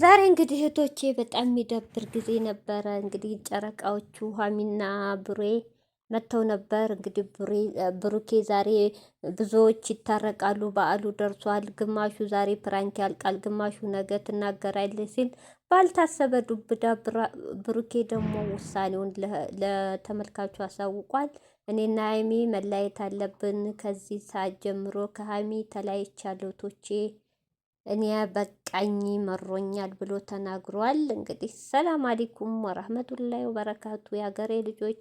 ዛሬ እንግዲህ እህቶቼ በጣም የሚደብር ጊዜ ነበረ። እንግዲህ ጨረቃዎቹ ሀሚና ብሬ መጥተው ነበር። እንግዲህ ብሩኬ ዛሬ ብዙዎች ይታረቃሉ፣ በዓሉ ደርሷል፣ ግማሹ ዛሬ ፕራንክ ያልቃል፣ ግማሹ ነገ ትናገራለች ሲል ባልታሰበ ዱብዳ ብሩኬ ደግሞ ውሳኔውን ለተመልካቹ አሳውቋል። እኔና ሀሚ መለያየት አለብን፣ ከዚህ ሰዓት ጀምሮ ከሀሚ ተለያይቻለሁ ቶቼ እኔ በቃኝ መሮኛል ብሎ ተናግሯል። እንግዲህ ሰላም አለይኩም ወራህመቱላሂ ወበረካቱ። የአገሬ ልጆች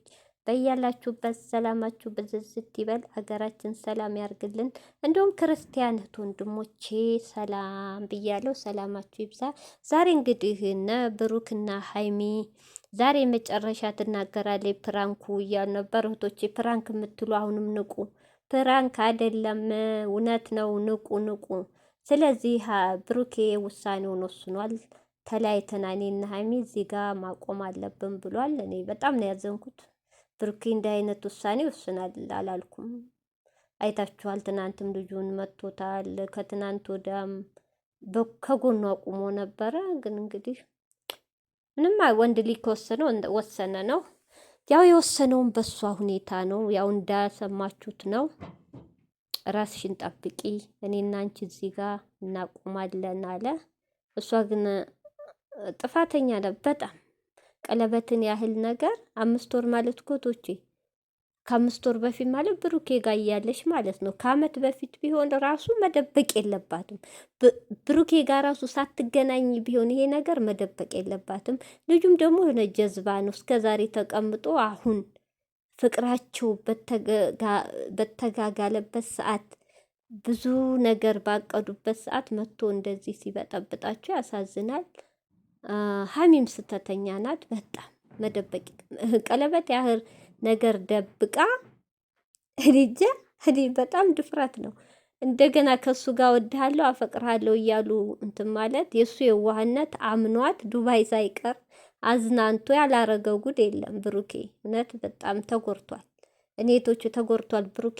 በያላችሁበት ሰላማችሁ ብዝዝት ይበል። አገራችን ሰላም ያርግልን። እንዲሁም ክርስቲያን እህት ወንድሞቼ ሰላም ብያለሁ፣ ሰላማችሁ ይብዛ። ዛሬ እንግዲህ እነ ብሩክና ሀይሚ ዛሬ መጨረሻ ትናገራለች ፕራንኩ እያሉ ነበር። እህቶቼ ፕራንክ የምትሉ አሁንም ንቁ፣ ፕራንክ አይደለም እውነት ነው። ንቁ ንቁ ስለዚህ ብሩኬ ውሳኔውን ወስኗል። ተለያይተና እኔና ሀይሚ እዚህ ማቆም አለብን ብሏል። እኔ በጣም ነው ያዘንኩት። ብሩኬ እንዲህ አይነት ውሳኔ ወስናል አላልኩም። አይታችኋል። ትናንትም ልጁን መቶታል። ከትናንት ወዳም ከጎኑ አቁሞ ነበረ። ግን እንግዲህ ምንም ወንድ ሊክ ከወሰነ ወሰነ ነው። ያው የወሰነውን በሷ ሁኔታ ነው። ያው እንዳሰማችሁት ነው። ራስሽን ጠብቂ፣ እኔና አንቺ እዚህ ጋር እናቆማለን አለ። እሷ ግን ጥፋተኛ ነው በጣም ቀለበትን ያህል ነገር አምስት ወር ማለት ኮቶቼ ከአምስት ወር በፊት ማለት ብሩኬ ጋር እያለች ማለት ነው። ከአመት በፊት ቢሆን ራሱ መደበቅ የለባትም። ብሩኬ ጋር ራሱ ሳትገናኝ ቢሆን ይሄ ነገር መደበቅ የለባትም። ልጁም ደግሞ የሆነ ጀዝባ ነው። እስከዛሬ ተቀምጦ አሁን ፍቅራቸው በተጋጋለበት ሰዓት ብዙ ነገር ባቀዱበት ሰዓት መጥቶ እንደዚህ ሲበጠብጣቸው ያሳዝናል። ሀሚም ስተተኛ ናት። በጣም መደበቂ ቀለበት ያህል ነገር ደብቃ ህዲጀ ህዲ በጣም ድፍረት ነው። እንደገና ከሱ ጋር ወድሃለሁ አፈቅርሃለሁ እያሉ እንትን ማለት የእሱ የዋህነት አምኗት ዱባይ ሳይቀር አዝናንቶ ያላረገው ጉድ የለም። ብሩኬ እውነት በጣም ተጎርቷል። እኔቶቹ ተጎርቷል። ብሩኬ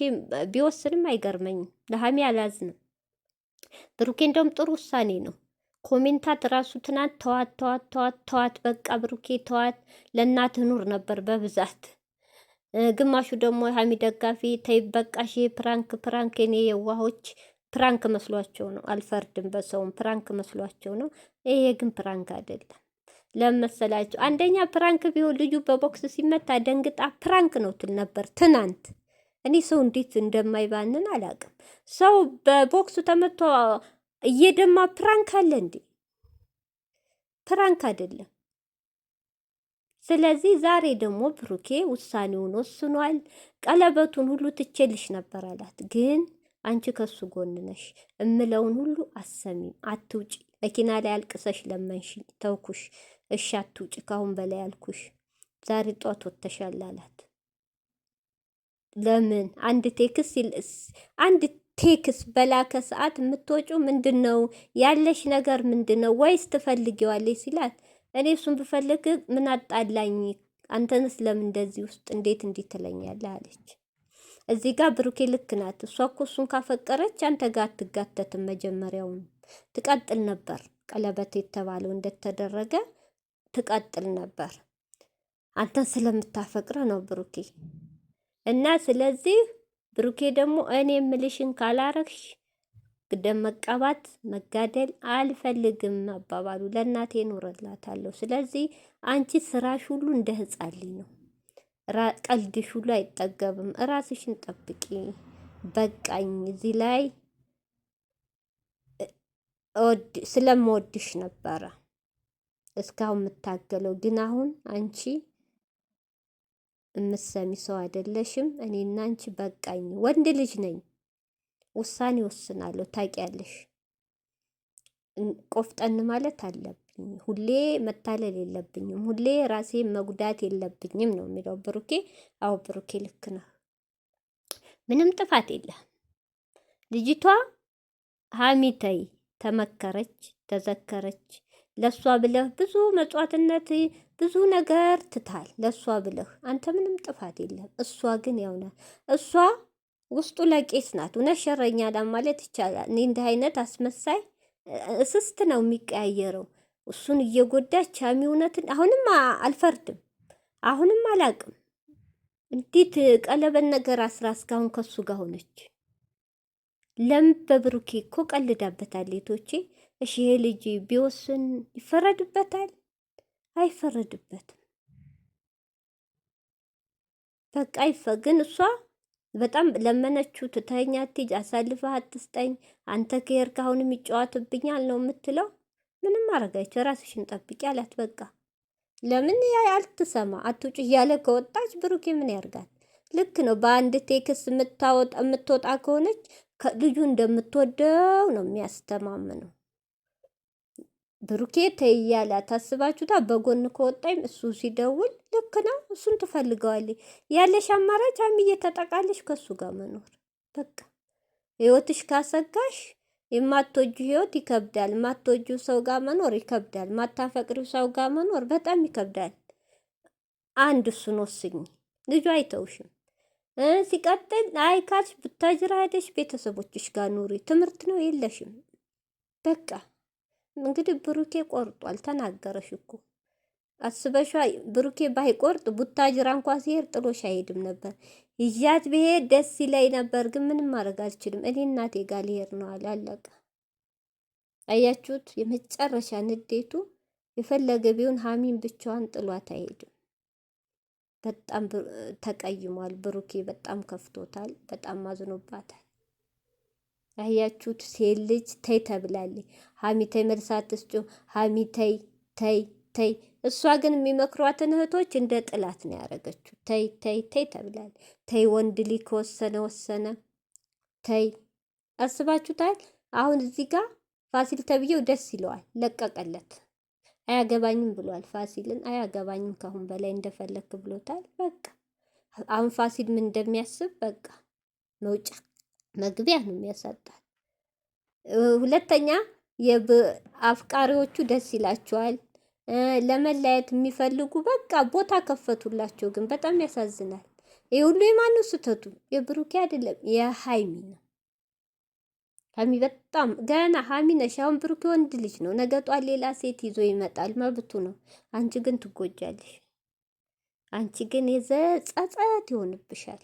ቢወስንም አይገርመኝም። ለሀሚ አላዝንም። ብሩኬ እንደውም ጥሩ ውሳኔ ነው። ኮሜንታት ራሱ ትናንት ተዋት ተዋት ተዋት ተዋት፣ በቃ ብሩኬ ተዋት፣ ለእናት ኑር ነበር በብዛት ግማሹ ደግሞ ሀሚ ደጋፊ ተይ በቃ ሺ ፕራንክ ፕራንክ፣ የኔ የዋሆች ፕራንክ መስሏቸው ነው። አልፈርድም በሰውም ፕራንክ መስሏቸው ነው። ይሄ ግን ፕራንክ አይደለም። ለመሰላችሁ አንደኛ ፕራንክ ቢሆን ልጁ በቦክስ ሲመታ ደንግጣ ፕራንክ ነው ትል ነበር ትናንት። እኔ ሰው እንዴት እንደማይባንን አላውቅም። ሰው በቦክሱ ተመቶ እየደማ ፕራንክ አለ እንዴ? ፕራንክ አይደለም። ስለዚህ ዛሬ ደግሞ ብሩኬ ውሳኔውን ወስኗል። ቀለበቱን ሁሉ ትቼልሽ ነበር አላት፣ ግን አንቺ ከሱ ጎን ነሽ፣ እምለውን ሁሉ አሰሚም፣ አትውጪ መኪና ላይ አልቅሰሽ ለመንሽኝ፣ ተውኩሽ እሺ አትውጭ ካሁን በላይ አልኩሽ፣ ዛሬ ጧት ወጥተሻል አላት። ለምን አንድ ቴክስ አንድ ቴክስ በላከ ሰዓት የምትወጩ ምንድን ነው ያለሽ ነገር ምንድን ነው ወይስ ትፈልጊዋለሽ ሲላት፣ እኔ እሱን ብፈልግ ምን አጣላኝ? አንተንስ ለምን እንደዚህ ውስጥ እንዴት እንዲህ ትለኛለህ? አለች። እዚህ ጋር ብሩኬ ልክ ናት። እሷ እኮ እሱን ካፈቀረች አንተ ጋር አትጋተትም። መጀመሪያውን ትቀጥል ነበር ቀለበት የተባለው እንደተደረገ ትቀጥል ነበር። አንተን ስለምታፈቅረ ነው ብሩኬ እና ስለዚህ ብሩኬ ደግሞ እኔ የምልሽን ካላረግሽ ደም መቀባት መጋደል አልፈልግም አባባሉ ለእናቴ እኖርላታለሁ። ስለዚህ አንቺ ስራሽ ሁሉ እንደ ህጻን ልጅ ነው። ቀልድሽ ሁሉ አይጠገብም። እራስሽን ጠብቂ። በቃኝ እዚህ ላይ ስለምወድሽ ነበረ። እስካሁን የምታገለው ግን አሁን አንቺ የምሰሚ ሰው አይደለሽም። እኔና አንቺ በቃኝ። ወንድ ልጅ ነኝ፣ ውሳኔ ወስናለሁ። ታውቂያለሽ፣ ቆፍጠን ማለት አለብኝ። ሁሌ መታለል የለብኝም። ሁሌ ራሴ መጉዳት የለብኝም ነው የሚለው ብሩኬ። አዎ ብሩኬ ልክ ነው። ምንም ጥፋት የለም። ልጅቷ ሀሚተይ ተመከረች፣ ተዘከረች ለእሷ ብለህ ብዙ መጽዋትነት ብዙ ነገር ትታል። ለእሷ ብለህ አንተ ምንም ጥፋት የለም። እሷ ግን ያውና እሷ ውስጡ ለቄስ ናት። እውነት ሸረኛ ናት ማለት ይቻላል። እኔ እንዲህ አይነት አስመሳይ እስስት ነው የሚቀያየረው። እሱን እየጎዳች ቻሚ እውነትን አሁንም አልፈርድም፣ አሁንም አላቅም። እንዴት ቀለበን ነገር አስራ እስካሁን ከሱ ጋር ሆነች? ለምን በብሩኬ እኮ ቀልዳበታል ሌቶቼ እሺ ይሄ ልጅ ቢወስን ይፈረድበታል? አይፈረድበትም። በቃ ይፈ ግን እሷ በጣም ለመነችው። ትተኛ ትጅ አሳልፈ አትስጠኝ፣ አንተ ከሄድክ አሁንም ይጫወትብኛል ነው የምትለው። ምንም አረጋች፣ ራስሽን ጠብቂ አላት። በቃ ለምን አልትሰማ አትውጭ እያለ ከወጣች ብሩኬ ምን ያርጋል? ልክ ነው። በአንድ ቴክስ የምትወጣ ከሆነች ልጁ እንደምትወደው ነው የሚያስተማምነው። ብሩኬ ተይ እያላት ታስባችሁታ። በጎን ከወጣኝ እሱ ሲደውል ልክ ነው፣ እሱን ትፈልገዋለች። ያለሽ አማራጭ አሚዬ ተጠቃለሽ ከሱ ጋር መኖር በቃ። ህይወትሽ ካሰጋሽ የማትወጁ ህይወት ይከብዳል። ማትወጁ ሰው ጋር መኖር ይከብዳል። ማታፈቅሪው ሰው ጋር መኖር በጣም ይከብዳል። አንድ እሱን ወስኝ። ልጁ አይተውሽም። ሲቀጥል አይካልሽ ብታጅራ ሄደሽ ቤተሰቦችሽ ጋር ኑሪ። ትምህርት ነው የለሽም በቃ እንግዲህ ብሩኬ ቆርጧል። ተናገረሽ እኮ አስበሻ። ብሩኬ ባይቆርጥ ቡታጅራ እንኳ ሲሄድ ጥሎሽ አይሄድም ነበር። ይዣት ብሄድ ደስ ይለኝ ነበር፣ ግን ምንም ማድረግ አልችልም። እኔ እናቴ ጋር ልሄድ ነው አለ። አለቀ። አያችሁት? የመጨረሻ ንዴቱ የፈለገ ቢሆን ሀሚን ብቻዋን ጥሏት አይሄድም። በጣም ተቀይሟል ብሩኬ። በጣም ከፍቶታል። በጣም አዝኖባታል። አህያችሁት ሴት ልጅ ተይ ተብላለች። ተይ መልሳት ስጩ ሀሚ ተይ ተይ። ተይ እሷ ግን የሚመክሯትን እህቶች እንደ ጥላት ነው ያደረገችው። ተይ ተይ ተይ ተብላለች። ተይ ወንድ ልጅ ከወሰነ ወሰነ። ተይ አስባችሁታል። አሁን እዚህ ጋር ፋሲል ተብዬው ደስ ይለዋል፣ ለቀቀለት። አያገባኝም ብሏል። ፋሲልን አያገባኝም ካሁን በላይ እንደፈለክ ብሎታል። በቃ አሁን ፋሲል ምን እንደሚያስብ በቃ መውጫ መግቢያ ነው የሚያሳጣል። ሁለተኛ የአፍቃሪዎቹ ደስ ይላቸዋል። ለመለያየት የሚፈልጉ በቃ ቦታ ከፈቱላቸው። ግን በጣም ያሳዝናል። ይህ ሁሉ የማነው ስህተቱ? የብሩኬ አይደለም የሀይሚ ነው። ሀሚ በጣም ገና ሀሚ ነሽ። አሁን ብሩኬ ወንድ ልጅ ነው። ነገ ጧት ሌላ ሴት ይዞ ይመጣል፣ መብቱ ነው። አንቺ ግን ትጎጃለሽ። አንቺ ግን የዘ የዘጸጸት ይሆንብሻል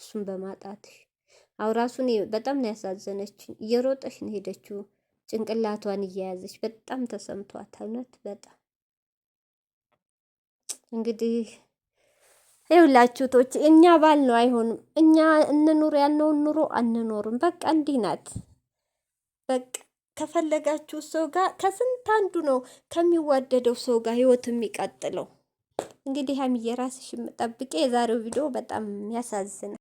እሱን በማጣትሽ አው ራሱን በጣም ነው ያሳዘነችኝ። እየሮጠች ነው ሄደችው ጭንቅላቷን እየያዘች በጣም ተሰምቷታል። እውነት በጣም እንግዲህ ይኸውላችሁ ቶች እኛ ባል ነው አይሆንም። እኛ እንኑር ያልነውን ኑሮ አንኖርም። በቃ እንዲህ ናት። በቃ ከፈለጋችሁ ሰው ጋር ከስንት አንዱ ነው ከሚዋደደው ሰው ጋር ህይወት የሚቀጥለው። እንግዲህ ሀይሚዬ ራስሽ ጠብቄ የዛሬው ቪዲዮ በጣም ያሳዝናል።